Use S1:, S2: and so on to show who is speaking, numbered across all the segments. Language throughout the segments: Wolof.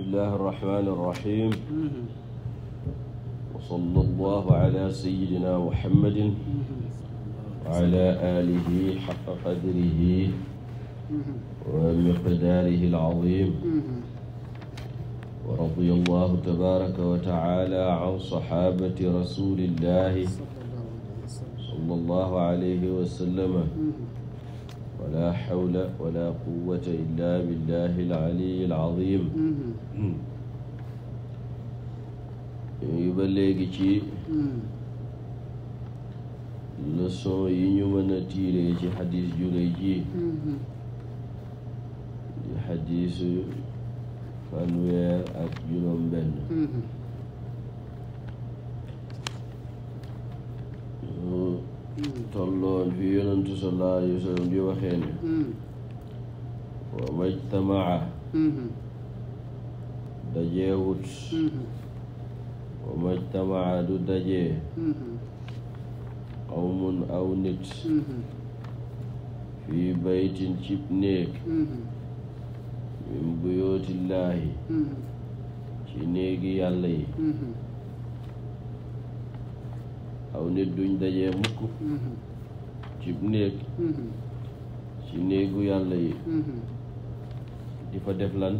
S1: bismillahi irrahmani irrahim wa salla allahu ala sayidina muhammadin wa ala alihi xaqa qadrihi wa miqdaarihi alazim wa radiya allahu tabaraka wa taala an saxaabati rasulillahi salla allahu alayhi wa sallama wala xawla wala quwwata illa billahi al-aliyyi al-azim yu ba léegi ci leçon yi ñu mën a tiiree ci xadis julay ji di xadisu fanweer ak juróom benn tolloon fi yonentu sallallahu alayhi wa sallam di waxee ne wa majtamaa dajeewut wa majtamaa du dajee qawmun aw nit fii baytin cib néeg min buyootillaahi ci néegi yàlla yi aw nit duñ dajee mukk mm-hmm. ci néeg mm-hmm. ci néegu yàlla yi mm-hmm. di fa def lan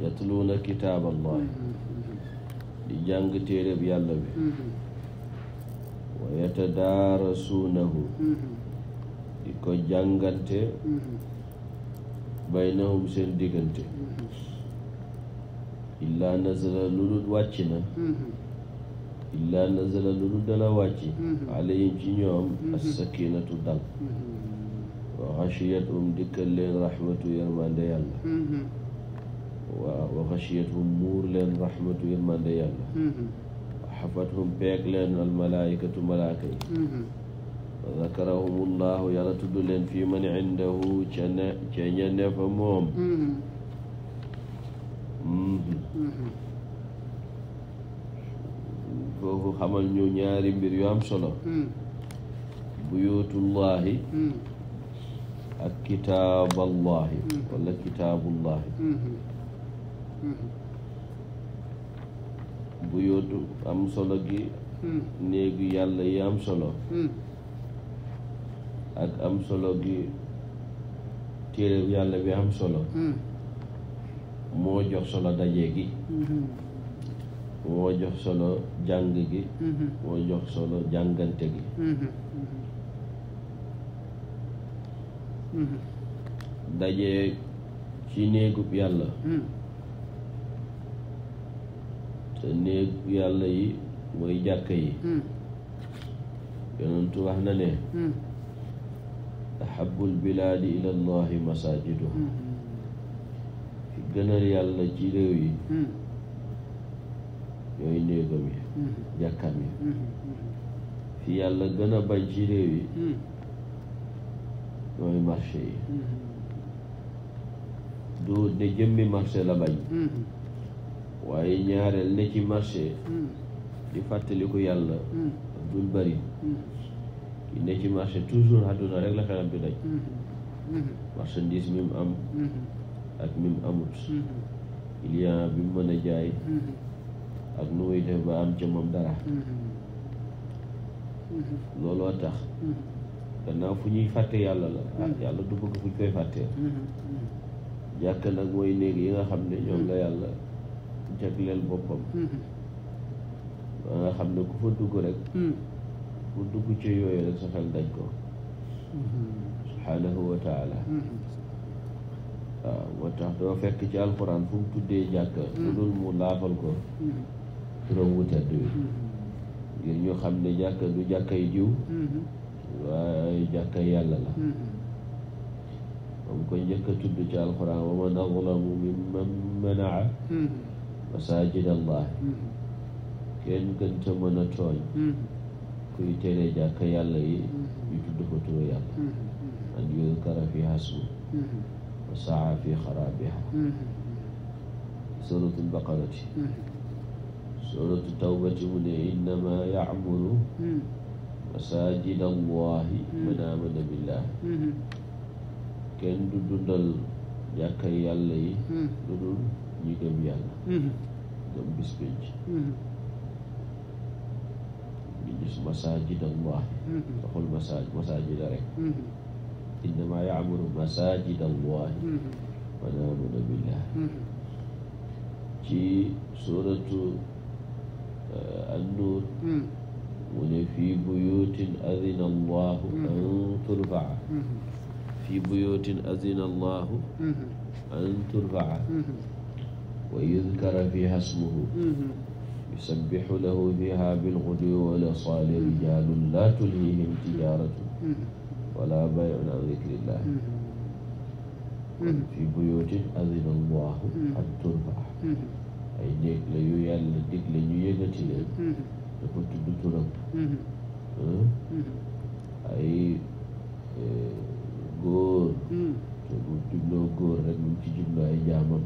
S1: yatluuna kitaab allah di jàng téereb yàlla bi wa yatadaarasuunahu di ko jàngante baynahum seen diggante illaa nazala lu dul wàcc na illaa nazala lu du dana wàcc alayhim ci ñoom mhm. assakinatu dal mhm. wa xashiyat um dikkal leen rahmatu yërmande yàlla waaw mhm. wa xashiyat hum muur leen rahmatu yërmande yàlla xafat hum peeg leen al malaayikatu malaaka yi wa zakarahumullahu yàlla tudd leen fii man indahu ca ne ca ña ne fa moom kooku xamal ñu ñaari mbir yu am solo hmm. buyutullahi hmm. ak kitaaballahi hmm. wala kitaabullahi buyutu am solo gi néegu yàlla yi am solo ak am solo gi téere yàlla bi am solo moo jox solo daje gi moo jox solo jàng gi moo mm-hmm. jox solo jàngante gi
S2: mm-hmm. Mm-hmm.
S1: daje ci néegub yàlla mm. te néegub yàlla yi mooy jàkka yi mm. yonentu wax na ne taxabul mm. bilaadi ila allahi masaajiduhum fi gënal yàlla ci réew yi yooyu néegam yi mm-hmm. jàkkam yi mm-hmm. fi yàlla gën a bañ ci réew yi mm-hmm. mooy marché yi du ne jëmmi marché la bañ waaye ñaareel ne ci marché di fàttaliku yàlla dul bari ki ne ci marché toujours àdduna rek la xelam bi daj marchandise mi mu am ak mi mu amut client bi mu mën a jaay ak nu muy def ba am ca moom dara
S2: mm-hmm.
S1: looloo tax mm-hmm. gannaaw fu ñuy fàtte yàlla la mm-hmm. ah, yàlla du bëgg fu ñu koy fàttee jàkk nag mooy néeg yi nga xam ne ñoom la yàlla jagleel boppam ba nga xam ne ku fa dugg rek ku mm. dugg ci yooyu rek sa xel daj ko subhaanahu wa taala waaw moo tax doo fekk ci alxuraan fu mu tuddee jàkk mm. lu dul mu laafal ko turam wu tedd wi ngir ñu xam ne jàkka du jàkkay jiw waaye jàkkay yàlla la moom ko njëkk a tudd ci alxuraan wa man azlamu mimman manaa masajid allah kenn gën te mën a tooñ kuy tere jàkka yàlla yi ñu tudd fa turu yàlla an yuzkara fi hasmu wa saa fi xarabiha suratul baqarati suuratu tawbati mu ne innama yacmuru masajid allahi man amana billahi kenn du dundal jàkkay yàlla yi lu dul ñi gëm yàlla gëm bis masajid rek innama yacmuru masajid allahi man amana billahi ci suuratu النور من في بيوت أذن الله أن ترفع في بيوت أذن الله أن ترفع ويذكر فيها اسمه يسبح له فيها بالغدو والآصال رجال لا تلهيهم تجارة ولا بيع عن ذكر الله في بيوت أذن الله أن ترفع ay néeg yu yàlla digle ñu yëngati leen mm-hmm. dafa tudd turam mm-hmm. Mm-hmm. ay eh, góor te bu jubloo góor rek mu ci jublu ay jaamam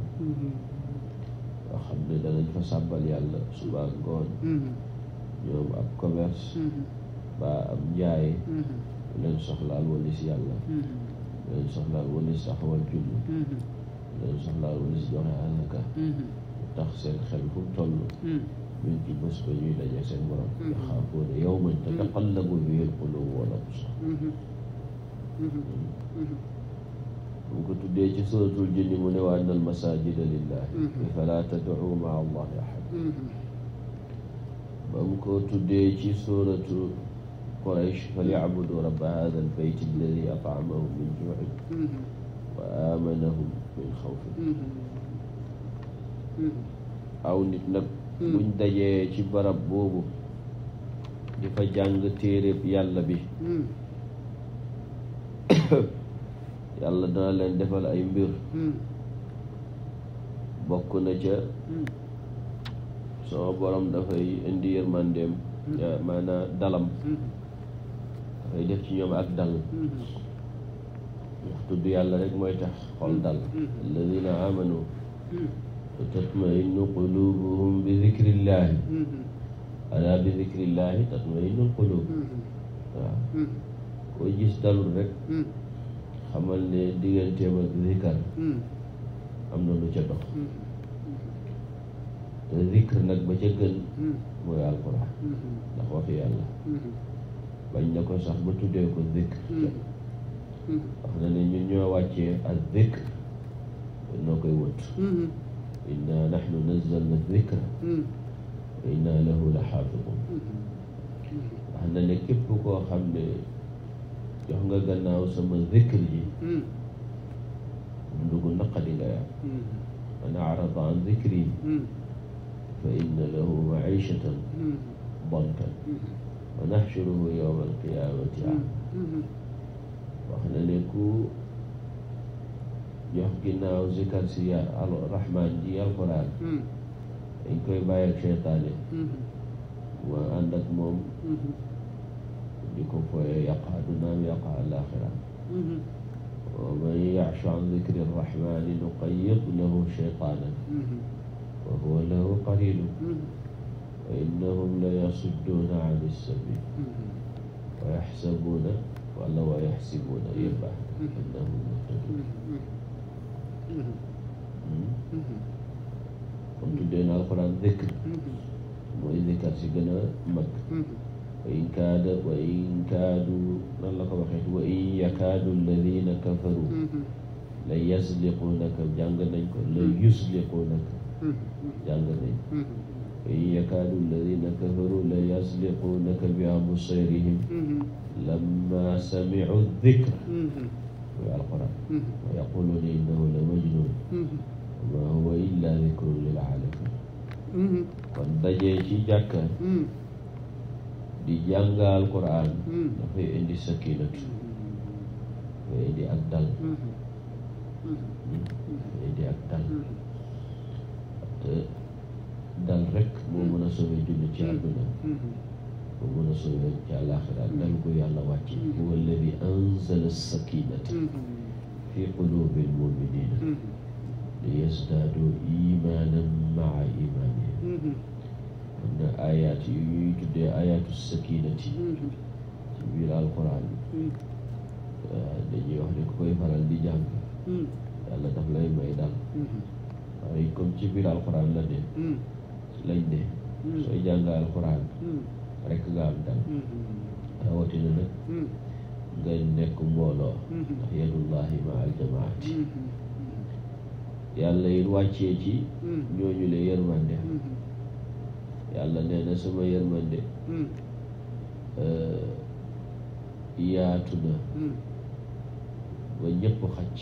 S1: yoo xam ne danañ fa sàmbal yàlla suba ngoon ñoom ab commerce baa am njaay leen soxlaal walis yàlla leen soxlaal walis taxawal julli tax seen xel fu toll ñun ci bés ba ñuy daje seen borom yaxaafoona hmm. yawman hmm. tataqallabu fiihi l-quluubu wal absaar mu ko tuddee ci suratul jinni mu ne wa anna al-masaajida lillaahi hmm. falaa tad'uu ma'a llaahi ahadan ba mu ko tuddee ci suratu quraysh falya'budu rabba haadha al-bayti alladhii at'amahum min juu'in wa aamanahum min khawfin aw nit nag hmm. buñ dajee ci barab boobu di fa jàng téereb yàlla bi hmm. yàlla dana leen defal ay mbir hmm. bokk na ca sama borom dafay indi yërmandeem maanaa dalam dafay def ci ñoom ak dal tudd yàlla rek mooy tax xol dal alladina amanu وتطمئن قلوبهم بذكر الله alaa bi zikrillahi tatma'innul quluub waaw mm-hmm. koo gis dalul rek mm-hmm. xamal ne digganteem ak zikar
S2: mm-hmm.
S1: am na lu ca dox te zikr nag ba ca gën mooy alquran ndax waxu yàlla bañ na ko sax ba tuddee ko zikr wax na ne ñun ñoo wàccee ak zikr noo koy wët inna nahnu nazzalna dhikra wa hmm. inna lahu la xaafidun hmm. wax na ne képp koo xam ne jox nga gannaaw sama dhikr ji dund hmm. gu naqadi nga yam man arada an dhikri fa inna lahu maishatan bankan wa nahshuruhu yawma alqiyamati
S2: am
S1: wax na ne ku jox ginnaaw zikkar si al rahmaan ji alquran hmm. dañ koy bàyyi ak seytaane ma hmm. ànd ak moom hmm. di ko fooyee yàq addunaam yàq alaxiraam wa man ya'shu an dikri rahmaani nuqayyid lahu shaytaanan wa huwa lahu qariinu wa innahum la yasudduuna an as-sabiil wa yaxsabuuna wala wa yaxsibuuna yëpp
S2: innahum muhtadun
S1: Mm-hmm. comme tuddee na alxuraan zikr mm-hmm. mooy zikkar si gën a mag mm-hmm. wa in kaada wa in kaadu nan la ko waxee wa in yakaadu alladina kafaru la yasliquunaka jàng nañ ko la yusliquunaka jàng nañ wa in yakaadu alladina kafaru la yasliquunaka bi absaarihim lamma samicu zikra muy alquran wa yaquluuna innahu la majnun ma huwa illa dikrun alamin kon dajee ci jàkka di jànga alquran dafay indi sakinatu dafay indi ak dal dafay dal te dal rek moo mën a sauver jullit ci àdduna ba mën a sauvé ci àllaaxira dal ko yàlla wàcce mm-hmm. huwa alladi anzala sakinata mm-hmm. fi qulubi almuminina mm-hmm. li yasdaadu imaanan maa imaanihim am na ayaat yu ñuy tuddee ayaatu sakinati ci biir alquran bi ah, dañuy wax ne ku koy faral di jàng yàlla daf lay may dal waaye comme ci biir alquran la de lañ de sooy jàng alquran rek nga am dal nga nekk mbooloo ndax yadullahi ma aljamaati yàlla yi wàccee ci ñooñu la yërmande yàlla nee na sama yërmande yaatu na ba ñëpp xacc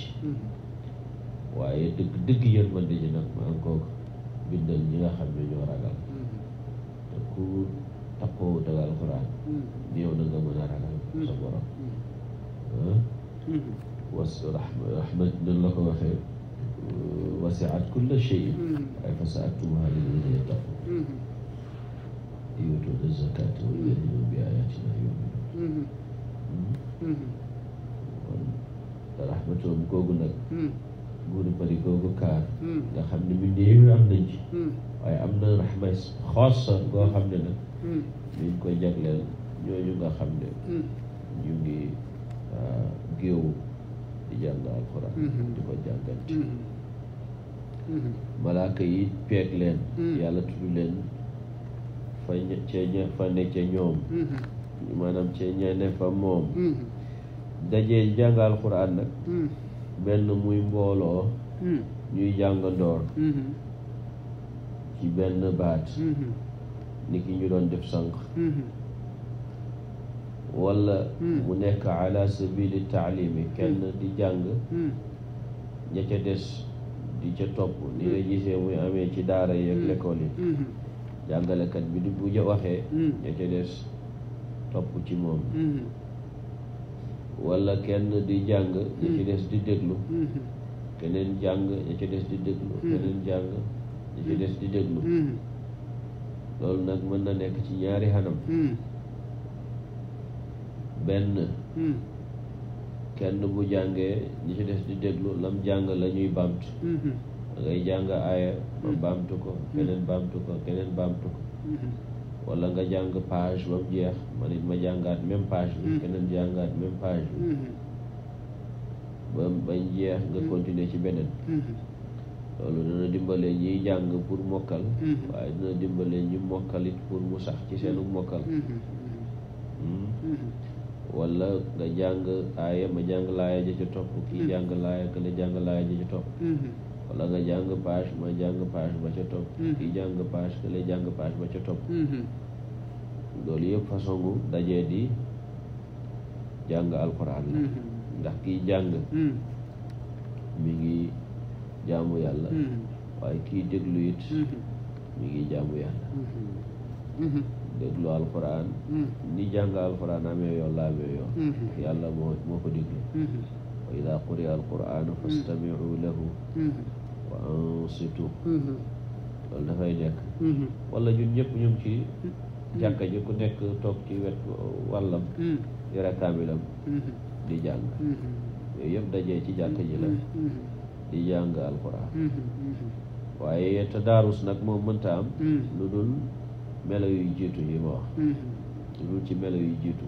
S1: waaye dëgg dëgg yërmande ji nag maa ngi ko bindal ñi xam ne ñoo ragal te ku takkoo wut ak alxuraan néew na nga mën a ragal sa rahmat nan ko waxee wasiat kulla shay waaye fa saatuha lilladina yattaqu yutuuna zakata walladina bi ayatina yuminun kon bari googu kaar nga xam ne mi néew am nañ ci waaye am na rahma xoosa goo xam ne nag Hmm. liñ koy jagleel ñooñu nga xam ne hmm. ñu ngi ah, géewu di jàng alxuraan hmm. di ko jànganti malaaka yi peeg leen yàlla maanaam cee ña ne fa moom jàng alxuraan nag benn muy mbooloo ñuy jàngandoor ci benn baat ni ki ñu doon def sànq mm-hmm. wala mm. mu nekk ala sabili taalimi kenn mm. di jàng mm. ña ca des di ca topp ni nga gisee muy amee ci daara yeeg l'école yi mm-hmm. jàngalekat bi di bu waxee ña des topp ci moom mm-hmm. wala kenn di jàng ña des di déglu keneen jàng ña ca des di déglu keneen des di déglu loolu nag mën na nekk ci ñaari xanam hmm. benn hmm. kenn bu jàngee ñi ci def di déglu lam jàng la ñuy baamtu hmm. jàng aaya ma baamtu ko keneen baamtu ko keneen baamtu ko wala nga jàng page ba mu jeex man it ma jàngaat même page bi keneen jàngaat même page bi ba bañ jeex nga continuer ci beneen loolu dana dimbale ñiy jàng pour mokkal mm-hmm. waaye dana dimbale ñi mokkalit pour mu sax ci seenu mm-hmm. mokkal
S2: mm-hmm.
S1: wala nga jàng aaya ma jàng laaya ja ca topp kii jàng laaya ka la jàng laaya ja ca topp wala nga jàng page ma jàng page ba ca topp kii jàng page ka la jàng page ba ca topp yëpp façon bu dajee di jàng alquran la ndax kii jàng mm. mi ngi jaamu yàlla mm-hmm. waaye kii déglu it mm-hmm. mi ngi jaamu yàlla mm-hmm. déglu alxuraan ni jàng alxuraan amee yoon la amee yoon yàlla moo moo ko déglu wa ida quriya alquraanu fastamiu lahu wa ansitu loolu dafay nekk wala ñun ñëpp ñu ci jàkka ji ku nekk toog ci wet wàllam yore kaamilam di jàng yooyu yëpp dajee ci jàkka ji la di jàng alxuraan mm-hmm, mm-hmm. waaye tadaarus nag moom mënta am mm-hmm. lu dul melo yu jiitu yi ma wax lu dul ci melo yu jiitu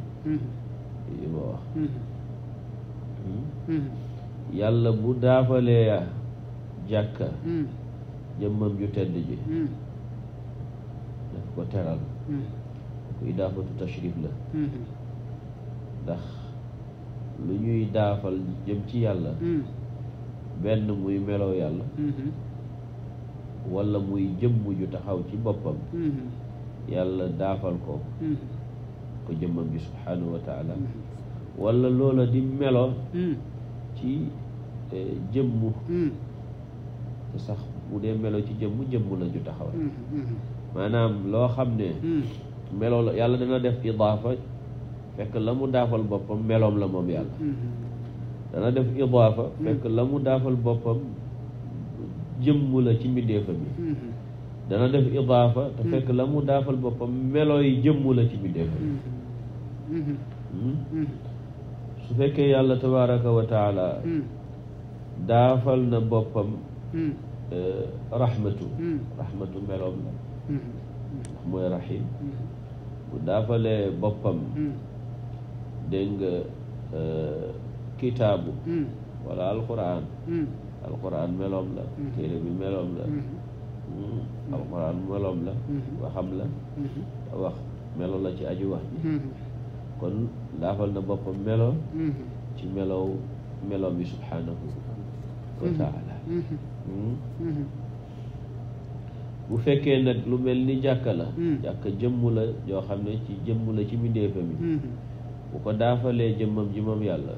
S1: yi ma wax yàlla bu daafalee jàkka jëmmam ju tedd ji daf ko teral ku idaafatu tashrif la ndax lu ñuy daafal jëm ci yàlla benn muy melow yàlla mm-hmm. wala muy jëmm ju taxaw ci boppam mm-hmm. yàlla daafal ko mm-hmm. ko jëmmam ju subhaanahu wa walla wala loola di melo mm. ci e, jëmm mm. sax mu dee melo ci jëmm jëmm la ju taxaw maanaam loo xam ne mm. melo la yàlla dana def idaafa fekk la mu daafal boppam meloom la moom yàlla dana def idaafa fekk la mu daafal boppam jëmm la ci mbindeefa bi mm-hmm. dana def idaafa te mm-hmm. fekk la mu daafal boppam melooy jëmm la ci mbindeefa bi mm-hmm. Hmm? su fekkee yàlla tabaraka wa daafal na boppam eh, rahmatu rahmatu meloom la mooy rahim bu daafalee boppam dégg nga eh, alkitaabu mm. wala alquran mm. alquran meloom la mm. téere bi meloom la mm-hmm. mm-hmm. alquran meloom la mm-hmm. waxam la wax melo la ci aju wax ji kon laafal na boppam melo ci meloom bi subhanahu wa bu fekkee nag lu mel ni jàkka la jàkka jëmm la joo xam ne ci jëmm la ci mbindeefam yi bu ko daafalee jëmmam ji yàlla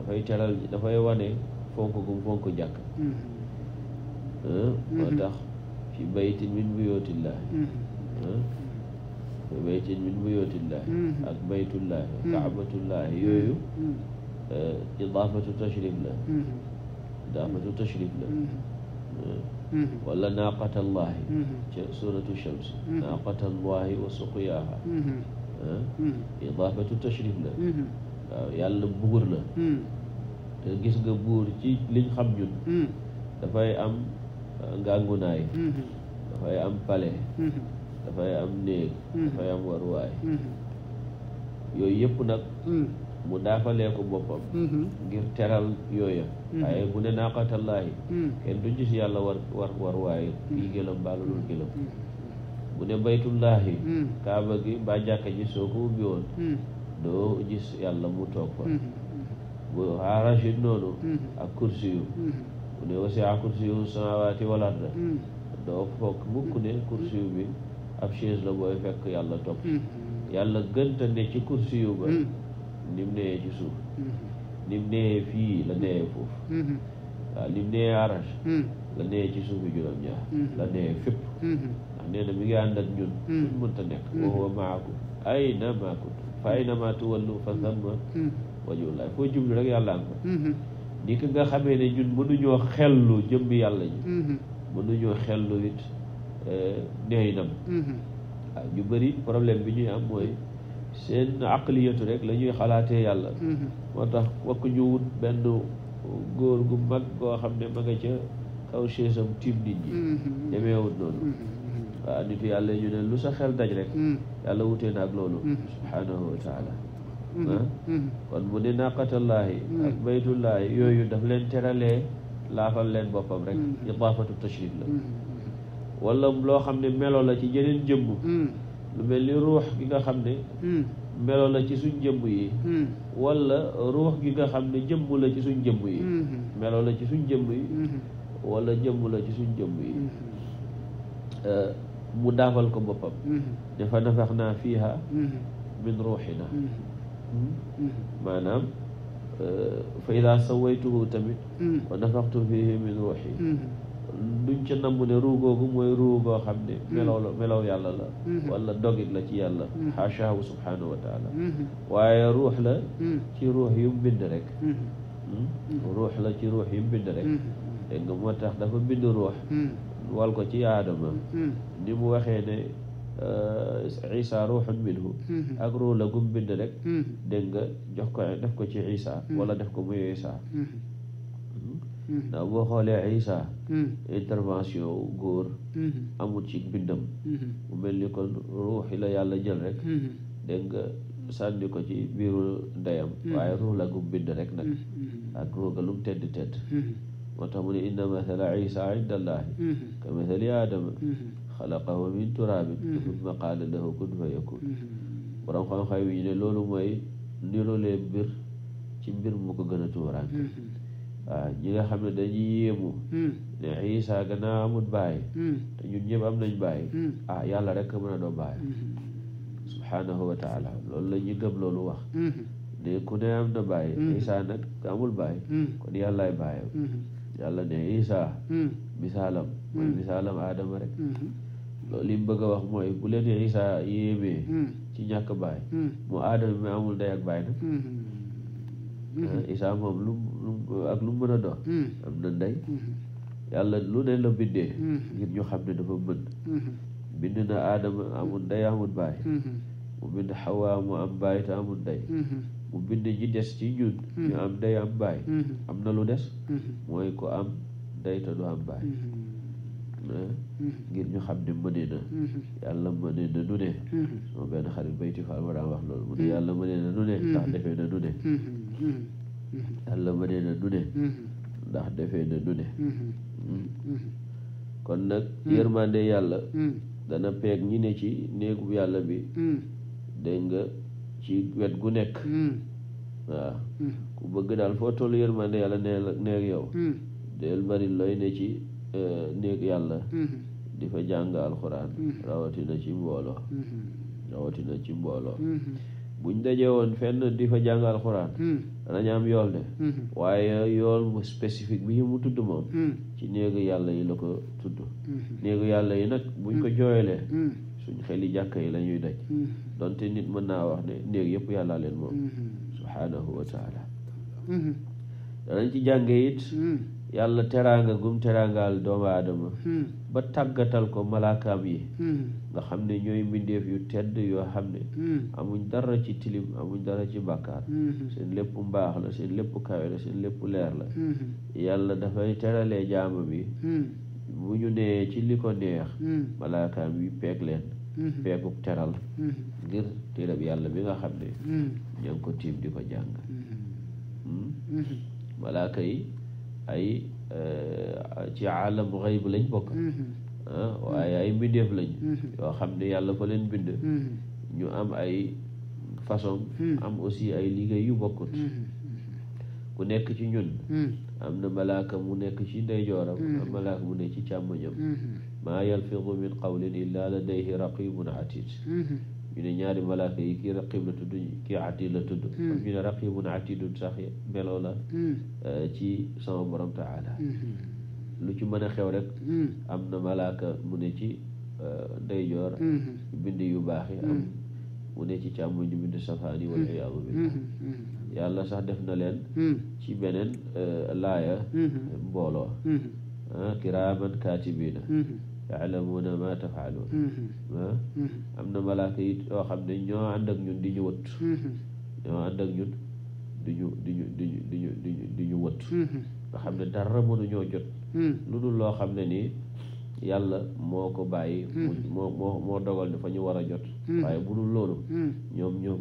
S1: dafay teral dafay wane fonk gum fonk jàkk
S2: mm-hmm.
S1: moo mm-hmm. tax fi baytin min buyootillahi mm-hmm. fi baytin min buyootillahi ak baytullahi kaabatullahi yooyu eh, idaafatu tashrif la idaafatu tashrif la wala naaqatallahi ca suratu shams naaqatallahi wa suqyaaha eh? idaafatu tashrif la waaw yàlla buur la hmm. te gis nga buur ci liñ xam ñun hmm. dafay am euh, ngàngunaay hmm. dafay am palais dafay am néeg dafay am waruwaay yooyu yépp nag mu daafalee ko boppam ngir teral yooya waaye bu ne naaqatallaahi kenn du gis yàlla war war waruwaay kii gëlam mbaa lulul gëlam bu ne baytullaahi kaaba gi mbaa jàkka ji soo ko ubbi woon doo gis yàlla mu toog fa mm-hmm. bu arashid noonu mm-hmm. ak kursiyu mu mm-hmm. ne wasi'a kursiyu samaawaati wal arda doo foog mukk ne kursiyu bi ab chaise la booy fekk yàlla topp yàlla gënta ne ci kursiyu ba ni nee fii la nee foofu waaw ni nee arash la nee ci suufi juróom-ñaar la nee fépp
S2: ndax
S1: nee na mi ngi ànd ñun suñ mënta nekk wa huwa maakum ayna maa fa aynama tuwallu fa samma hmm. wajhullah foo jublu rek yàlla am hmm. ni ki nga xamee ne ñun mënuñoo xellu jëmmi yàlla ji hmm. mënuñoo xellu it eh, neey waaw ah, ñu bëri problème bi ñuy am mooy seen aqliyatu rek la ñuy xalaatee yàlla moo tax wakk ñu wut benn góor gu mag goo xam ne ma nga ca kaw chaise am nit ñi demeewut noonu waaw nitu yàlla ñu ne lu sa xel daj rek hmm. yàlla wutee na ak loolu hmm. subhaanahu wa taala
S2: hmm.
S1: kon mu ne naqatallaahi ak baytullaahi yooyu daf leen teralee laafal leen boppam rek idaafatu tashrif la wala loo xam ne melo la ci jeneen jëmm lu mel ni ruux gi nga xam ne melo la ci suñ jëmm yi wala ruux gi nga xam ne jëmm la ci suñ jëmm yi melo la ci suñ jëmm yi wala jëmm la ci suñ jëmm yi euh, mu daafal ko boppam ne mm-hmm. fa nafax naa fiiha
S2: mm-hmm.
S1: min ruuxina
S2: mm-hmm. Hmm?
S1: maanaam eh, fa ida sawaytuhu tamit wa nafaxtu fiihi min ruuxi duñ ca namm ne ruu googu mooy ruu goo xam ne melaw la melaw yàlla la wala dogit la ci yàlla xaashaahu subhanahu wa taala waaye hmm? ruux la ci ruux yu bind rek ruux la ci ruux yu bind rek dégg nga moo tax dafa bind ruux wal ko ci aadama hmm. ni mu waxee ne euh, isa ruuxun minhu hmm. ak ruu la gum bind rek hmm. dégg nga jox ko def ko ci isa wala def ko muy isa ndax boo xoolee isa intervention góor amul ci bindam mu mel ni kon ruuxi la yàlla jël rek dégg nga sànni ko ci biiru ndeyam waaye ruux la gum bind rek nag ak ruuga lum tedd tedd moo tax mu ne inna mathala isa indallahi ka mathali aadama xalaqahu min turaabin summa qaala lahu kun fa yakun borom xam-xam yi ñu ne loolu mooy nirolee mbir ci mbir mu ko gën a tuuraanke waaw ñi nga xam ne dañuy yéemu ne isa gannaaw amut bàyyi te ñun ñëpp am nañ bàyyi ah yàlla rek mën a doon bàyyi subhaanahu wa taala loolu la ñu gëm loolu wax ne ku ne am na bàyyi isa nag amul bàyyi kon yàllaay bàyyam yàlla ne isa hmm. misaalam mooy hmm. misaalam aadama rek hmm. loolu li bëgg a wax mooy bu leen isa yéemee ci ñàkk baay mu aadama mi amul day ak baay nag ah, isa moom lu ak lu mën a dox am na ndey yàlla lu ne la bindee ngir ñu xam ne dafa mën bind na aadama amul ndey amul baay mu bind xawaa mu am baay te amul ndey mu bind ñi des ci ñun mm-hmm. ñu am day am baay mm-hmm. am na lu des mm-hmm. mooy ko am day te du am baay ah. ngir ñu xam ne mënee na yàlla mënee na nu ne moom benn na nu ne ndax defee na nu ne yàlla mënee na nu ne ndax defee na nu ne kon nag yërmande yàlla dana peeg ñi ne ci néegu yàlla bi dégg ci wet gu nekk hmm. waaw hmm. ku bëgg daal foo toll yërmande yàlla neeg yow hmm. del bari looy ne ci eh, néeg yàlla di fa jàng alxuraan rawatina ci mbooloo rawatina ci mbooloo buñ dajee woon fenn di fa jàng alxuraan danañ yool de waaye yool mu spécifique bi mu tudd moom ci néegu yàlla yi la ko tudd
S2: néegu yàlla yi
S1: nag buñ ko jooyalee suñ xeli jàkka yi lañuy ñuy daj mm-hmm. donte nit mën naa wax ne néeg yëpp yàllaa leen moom mm-hmm. subhaanahu wa taala mm-hmm. ci jànge it yàlla teraanga gum teraangaal doomu aadama ba tàggatal ko malaakaam yi nga xam ne ñooy mbindeef yu tedd yoo xam ne amuñ dara ci tilim amuñ dara ci bàkkaar seen lépp mbaax la seen lépp kawe la seen lépp leer la yàlla dafay teralee jaama bi bu ñu nee ci li ko neex hmm. malaakaam wi peeg leen hmm. peegub teral hmm. ngir téerab yàlla bi nga xam ne ña ko tiim di ko jàng malaaka yi ay eh, ci alam xayb lañ bokk ah, waaye ay mbindeef lañ yoo xam ne yàlla ko leen bind ñu am ay façon am aussi ay liggéey yu bokkut ku nekk ci ñun am na malaaka mu nekk ci ndeyjooram mm-hmm. am malaaka mu nekk ci càmmoñam
S2: mm-hmm.
S1: maa yalfidu min qawlin illa ladayhi raqibun atid mm-hmm. ñu ne ñaari malaaka yi kii raqib la tudd kii atid la tudd am ñu ne raqibun atidun sax melo la eh, ci sama borom taala lu ci mën a xew rek am na malaaka mu ne ci eh, ndeyjoor bind yu baax yi am mu ne ci càmmoñ ñu bind safaani wal iyaadu billah yàlla sax def na leen hmm. ci beneen euh, laaya hmm. mbooloo hmm. Ah, kiraaman kaatibiina yaalamuuna ma tafaaluun ah, am na malaaka yi xam ne ñoo ànd ak ñun di ñu wët ñoo ànd ak di ñu di ñu di ñu di ñu di ñu di ñu wët nga xam ne dara mënuñoo jot lu dul loo xam ne nii yàlla moo ko bàyyi moo moo moo ñu war a jot waaye bu dul loolu ñoom ñoo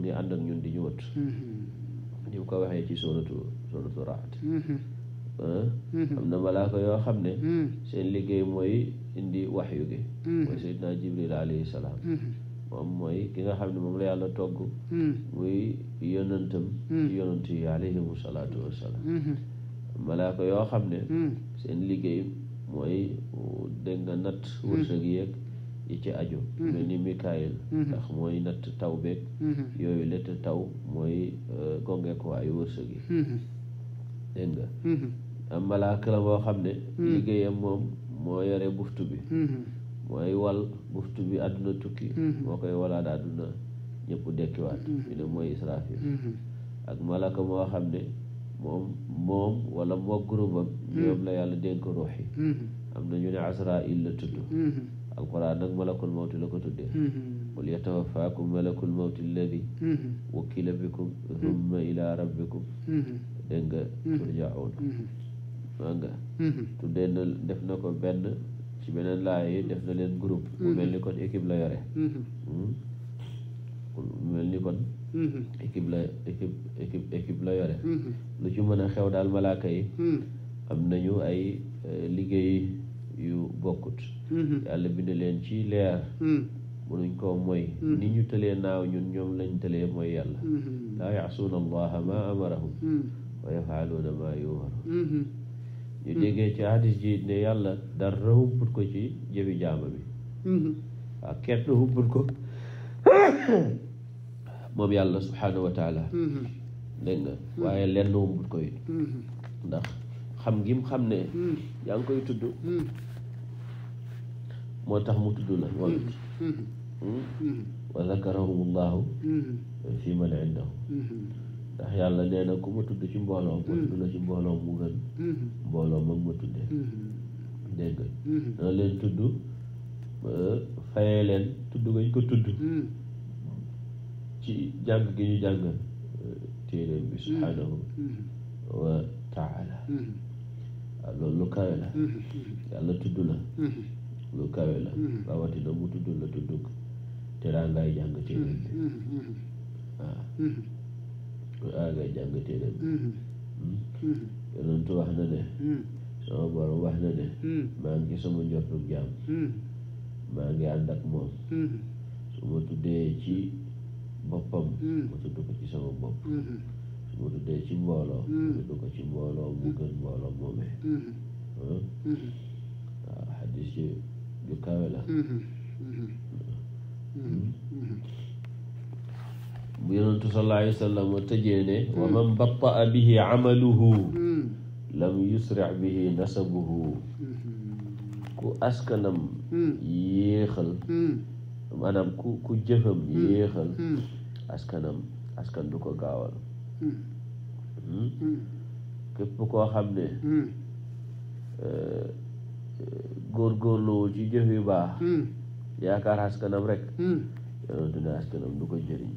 S1: di ñu wët ñu ko waxee ci sóoratu sóoratu raad mm-hmm. Ah? Mm-hmm. am na malaaka yoo xam ne mm. seen liggéey mooy indi waxyu gi mm-hmm. mooy seydina jibril alayhi salaam moom mooy ki nga xam ne moom la yàlla togg mm. muy yonantam mm. ci yonant yi alayhimu salaatu wassalaam malaaka yoo xam ne seen liggéey mooy oh, dégg nga natt wërsëg yeeg yi ci aju mm-hmm. mel ni Mikaayil mm-hmm. ndax mooy natt taw beeg mm-hmm. yooyu lett taw mooy euh, gongeekuwaayu wërsëg yi dégg nga am malaaka la moo xam ne liggéeyam moom moo yore buftu bi mooy wal buftu bi àdduna tukki moo koy walaat àdduna ñëpp dekkiwaat ñu ne mooy Israafil ak malaaka moo xam ne moom moom wala moo groupam ñoom la yàlla dénk ruux yi am na ñu ne Asraayil la tudd alquran nag malakul mawti la ko tuddee
S2: mm-hmm.
S1: qul yatawafaakum malakul mawti alladi
S2: mm-hmm.
S1: wakkila bikum mm-hmm. thumma ila rabbikum dégg tuddee na def na ko benn ci beneen laa yi def na leen groupe mel ni kon équipe la yore hmm? mel ni kon équipe la équipe équipe la yore lu ci mën a xew daal malaaka yi am nañu ay liggéey yu bokkut mm-hmm. yàlla bind leen ci leer munuñ mm-hmm. koo mooy mm-hmm. ni ñu tëlee naaw ñun ñoom lañ tële mooy yàlla laa yaxsuuna allaha ma amarahum wa yafaaluuna ma
S2: yuumaruun
S1: ñu déggee ci hadis ji ne yàlla dara hubbut ko ci jëfi jaama bi waaw kenn hubbut ko moom yàlla subhaanahu wa taala waaye lenn hubbut ko it ndax xam ngim xam ne yaa koy tudd moo tax mu tudd la moom it wa zakarahum llahu mm-hmm. fii man indahu mm-hmm. ndax yàlla nee na ku ma tudd ci mbooloo ci mbooloo mu gën mm-hmm. mbooloo moom ma tuddee dégg nga leen tudd fayee leen tudd gañ ko tudd ci jàng gi ñu jàng téeréem bi subhaanahu wa taala loolu kawe la yàlla tudd la lu kawe la hmm. rawatina mu tudd la tuddug teraa ngay jàng téeréem bi waaw teraa ngay jàng téeréem bi hmm, hmm. yonentu wax na ne sama borom wax na ne maa ngi sama njortug jaam maa ngi ànd ci boppam ma tudd ci sama bopp su ma ci mbooloo ma tudd ci mbooloo mu gën mbooloo moomee waaw ah, xadis ju kawe la mm-hmm.
S2: Mm-hmm.
S1: Mm-hmm. bu yonentu sallallahu alayhi wa sallam tëjee ne mm. wa man batta bihi amaluhu mm. lam yusri bihi nasabuhu ku askanam mm. yéexal maanaam ku ku jëfam yéexal askanam askan du ko gaawal hmm? képp koo xam ne euh, góorgóorlu ci jëf yu baax hmm. yaakaar askanam rek hmm. yonent ne askanam du ko jëriñ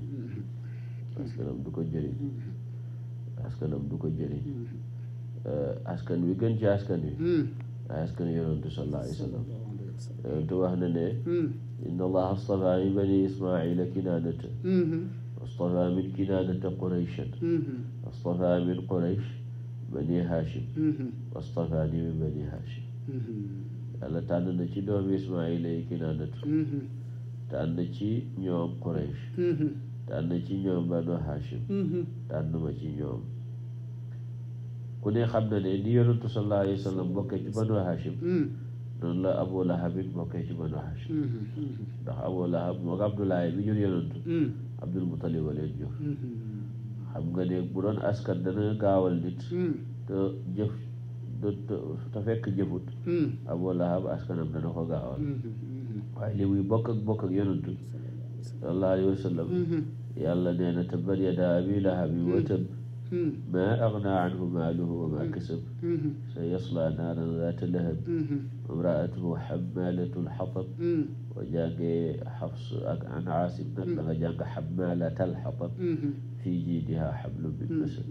S1: askanam du ko jëriñ askanam du ko jëriñ euh, askan wi gën ci askan wi waaye hmm. askan yonent sallallahu alayhi wa sallam yonent wax na ne inna allaha astafa min bani ismaila kinaanata astafa min kinaanata qurayshan astafa min quraysh bani hashim astafa ni min bani hashim tànn na ci doomi ismaayila yi kinaanatu mm-hmm. tànn ci ñoom quraysh mm-hmm. tànn ci ñoom banu hashim mm-hmm. tànn ma ci ñoom ku ne xam na ne ni yonentu sallallahu alayhi wa sallam bokkee ci mm. ci Banu Hashim ndax Abu Lahab moo ko Abdoulaye bi jur yonantu mm. Abdul Mutalib leen jur xam nga ne bu doon askan dana gaawal nit mm. te jëf te fekk jëfut hmm. Abu Lahab askanam dana ko gaawal hmm, hmm, waaye li muy bokk ak bokk ak yonantu sallallahu alayhi wa sallam yàlla nee na tabbat yadaa abi lahabin wa tabb maa aghnaa anhu maaluhu wa maa kasab sayaslaa naaran zaata lahab imraatuhu hammaalatul hatab
S2: boo
S1: jàngee Hafs ak an Aasim nag da nga jàng hammaalatal hatab fii jiidihaa hablum min masad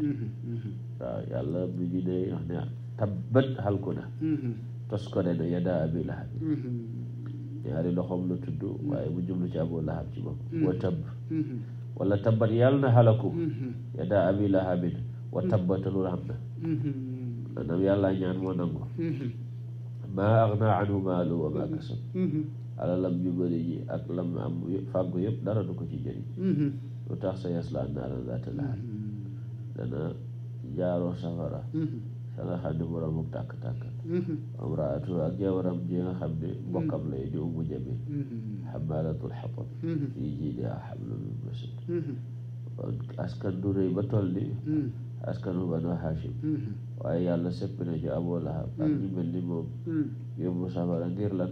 S1: waaw yàlla mu ngi ne wax ne tabbat halku na
S2: mm-hmm.
S1: toskone na yada abi lahabi
S2: mm-hmm.
S1: ñaari loxoom la tudd waaye bu jublu ci abu lahab ci bopp mm-hmm. wa tabb wala tabbat yàlla na halaku yada abi lahabin wa tabbatalu ram na maanaam yàlla ñaan moo nangu maa agna anhu maalu wa maa kasab alalam ju bëri ji ak lam am fàggu yëpp dara du ko ci jëriñ lu tax sa yas la naaran zaata lahab dana jaaroo safara salaxa di boroomuk tàkk-tàkk amraatu mm-hmm. ak jabaram ji nga xam ne mm-hmm. mbokkam lay di umu jabe
S2: mm-hmm.
S1: xamalatul xatab fii jiidiha xablum min masad askan du rëy ba tol ni askanu banu hashim waaye yàlla seppi na ci abu lahab ak ñu mel ni moom yóbbu safara ngir lan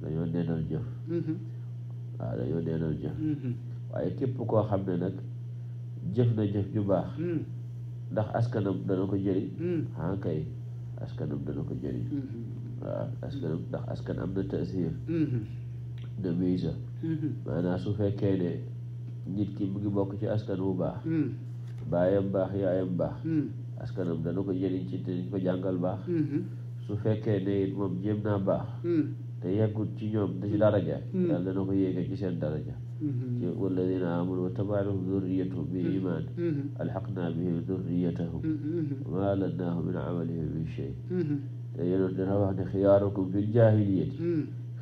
S1: dañoo neenal jëf jëf waaye képp koo xam ne nag jëf na jëf ju baax ndax askanam dana ko jëriñ hmm. ah kay askanam dana ko jëriñ hmm, hmm. waaw askanam ndax askan am na tasir de mise maanaam su fekkee ne nit ki mu ngi bokk ci askan bu baax baayam baax yaayam baax askanam dana ko jëriñ ci te ñu ko jàngal baax su fekkee ne it moom jéem naa baax te yeggut ci ñoom da ci daraja yàlla dana ko yéege ci seen daraja Mm-hmm. walladina amanu mm-hmm. Mm-hmm. wa tabaatuhum durriyatuhum bi iman alxaqna bihim durriyatahum ma alatnahu min amalihim min shay te yéen dana wax ne xiyaarukum fi ljahiliyati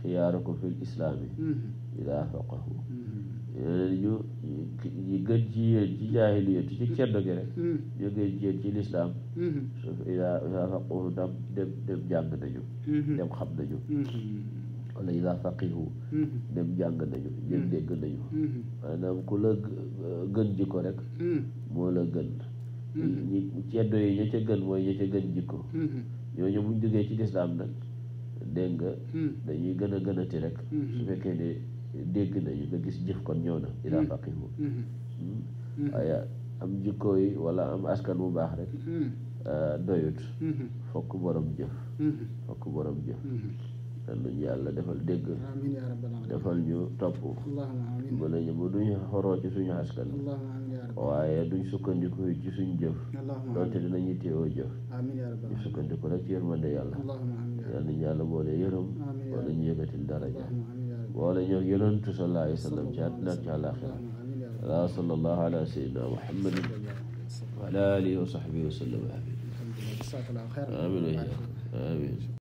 S1: xiyaarukum fi lislaami ila faqahu yeneen ñu ñi gën ci yéen ci jaahiliyatu ci ceddo gi rek ñu gën ci yéen ci lislaam su ila faqahu dem dem dem jàng nañu dem xam nañu wala ida faqihu mm-hmm. dem jàng nañu dem mm-hmm. dégg nañu mm-hmm. maanaam ku la gën jikko rek moo la gën ñi ceddo yi ña ca gën mooy ña ca gën jikko ñooñu buñ jógee ci lislaam nag dégg nga dañuy gën a gënati rek su fekkee ne dégg nañu nga gis jëf kon ñëw na ida faqihu waaye am jikko yi wala am askan bu baax rek ah, doyut fokk borom jëf fokk borom jëf lu ñu yàlla defal dégg defal ñu topp bu la ñu bu duñu xoroo ci suñu askan waaye duñ sukkandiku ci suñ jëf donte dinañu téewoo jëf ñu sukkandiku rek ci yërmande yàlla yàlla ñu yàlla boole yërëm wala ñu yëkkatil daraja boole ñoo yonantu sallallahu alayhi wa sallam ci àddina ak ci àllaaxira ala sallallahu ala sayyidina muhammadin wa ala alihi wa sahbihi wa sallam amin amin